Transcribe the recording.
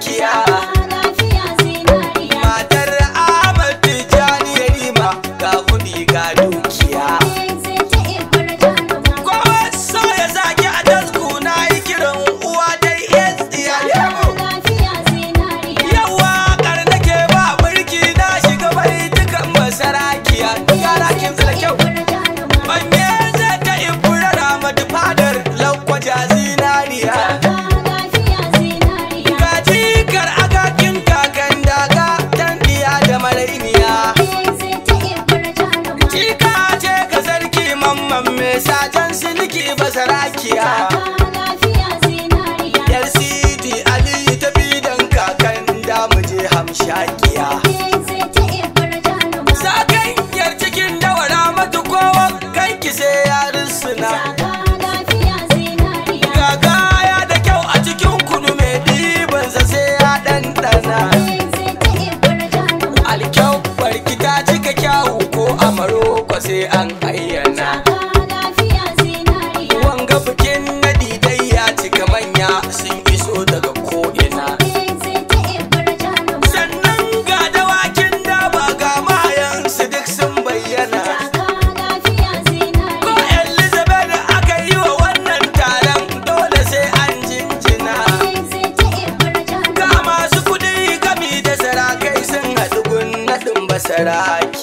gidan sani ba sarakiya yar sidi aliyu ta bidan kakan da mu je hamshakiya sakai yar cikin dawara mata kowa kai ki sai yarin suna gagaya da kyau a cikin kunu mai ɗibansa sai ya ɗanɗana alkyau barki ta cika kyawu ko amaro ko sai an ai manya sun iso daga ko'ina sannan ga dawakin daba ga su duk sun bayyana ko elizabeth aka yi wa wannan taron dole sai an jinjina ga masu kudi gami da sarakai sun haɗu gun basaraki